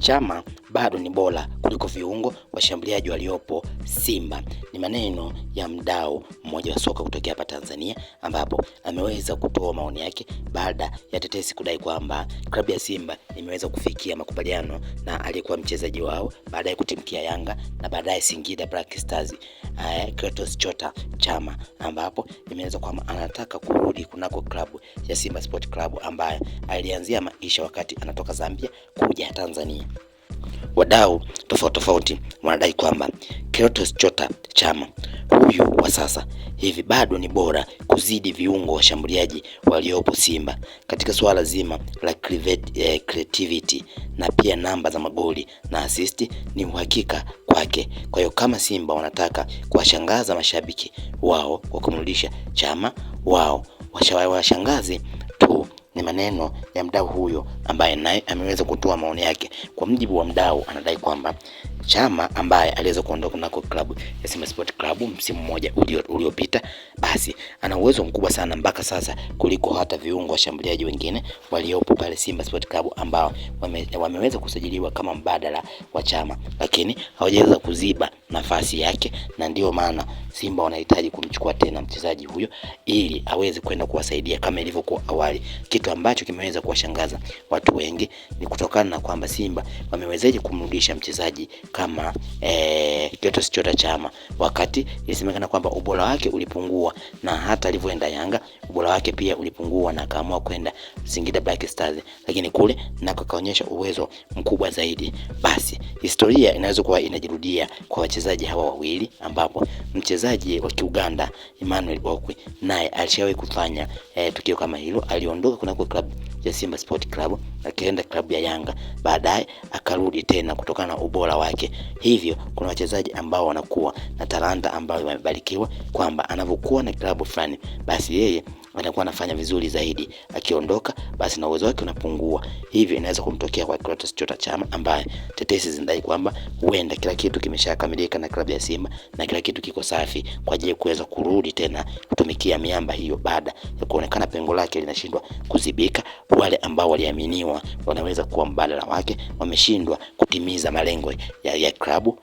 chama bado ni bora kuliko viungo washambuliaji waliopo Simba. Ni maneno ya mdau mmoja wa soka kutokea hapa Tanzania, ambapo ameweza kutoa maoni yake baada ya tetesi kudai kwamba klabu ya Simba imeweza kufikia makubaliano na aliyekuwa mchezaji wao baadaye kutimkia Yanga na baadaye Singida Black Stars eh, Kratos Chota Chama, ambapo imeweza kwamba anataka kurudi kunako klabu ya Simba Sport Club ambayo alianzia maisha wakati anatoka Zambia kuja Tanzania. Wadau tofauti tofauti wanadai kwamba Kratos Chota Chama huyu wa sasa hivi bado ni bora kuzidi viungo washambuliaji waliopo Simba katika suala zima la eh, creativity na pia namba za magoli na assist ni uhakika kwake. Kwa hiyo kama Simba wanataka kuwashangaza mashabiki wao kwa kumrudisha Chama, wao washawashangaze ni maneno ya mdau huyo ambaye naye ameweza kutoa maoni yake. Kwa mjibu wa mdau, anadai kwamba Chama ambaye aliweza kuondoka nako klabu ya Simba Sport Club msimu mmoja uliopita basi ana uwezo mkubwa sana mpaka sasa kuliko hata viungo washambuliaji wengine waliopo pale Simba Sport Club ambao wame, wameweza kusajiliwa kama mbadala wa Chama lakini hawajaweza kuziba nafasi yake, na ndio maana Simba wanahitaji kumchukua tena mchezaji huyo ili aweze kwenda kuwasaidia kama ilivyokuwa awali. Kitu ambacho kimeweza kuwashangaza watu wengi ni kutokana na kwamba Simba wamewezaje kumrudisha mchezaji kama eh, Clatous Chota Chama, wakati ilisemekana kwamba ubora wake ulipungua, na hata alivyoenda Yanga ubora wake pia ulipungua, na akaamua kwenda Singida Black Stars, lakini kule na kaonyesha uwezo mkubwa zaidi. Basi historia ina inaweza kuwa inajirudia kwa wachezaji hawa wawili, ambapo mchezaji wa Kiuganda Emmanuel Okwi naye alishawahi kufanya eh, tukio kama hilo. Aliondoka kunako klabu ya Simba Sport Club akaenda klabu ya Yanga, baadaye akarudi tena kutokana na ubora wake. Hivyo kuna wachezaji ambao wanakuwa na talanta ambayo wamebarikiwa kwamba anavyokuwa na klabu fulani, basi yeye atakuwa anafanya vizuri zaidi. Akiondoka basi na uwezo wake unapungua, hivyo inaweza kumtokea kwa Clatous Chota Chama ambaye tetesi zinadai kwamba huenda kila kitu kimeshakamilika na klabu ya Simba na kila kitu kiko safi kwa ajili ya kuweza kurudi tena kutumikia miamba hiyo, baada ya kuonekana pengo lake linashindwa kuzibika. Wale ambao waliaminiwa wanaweza kuwa mbadala wake wameshindwa kutimiza malengo ya, ya klabu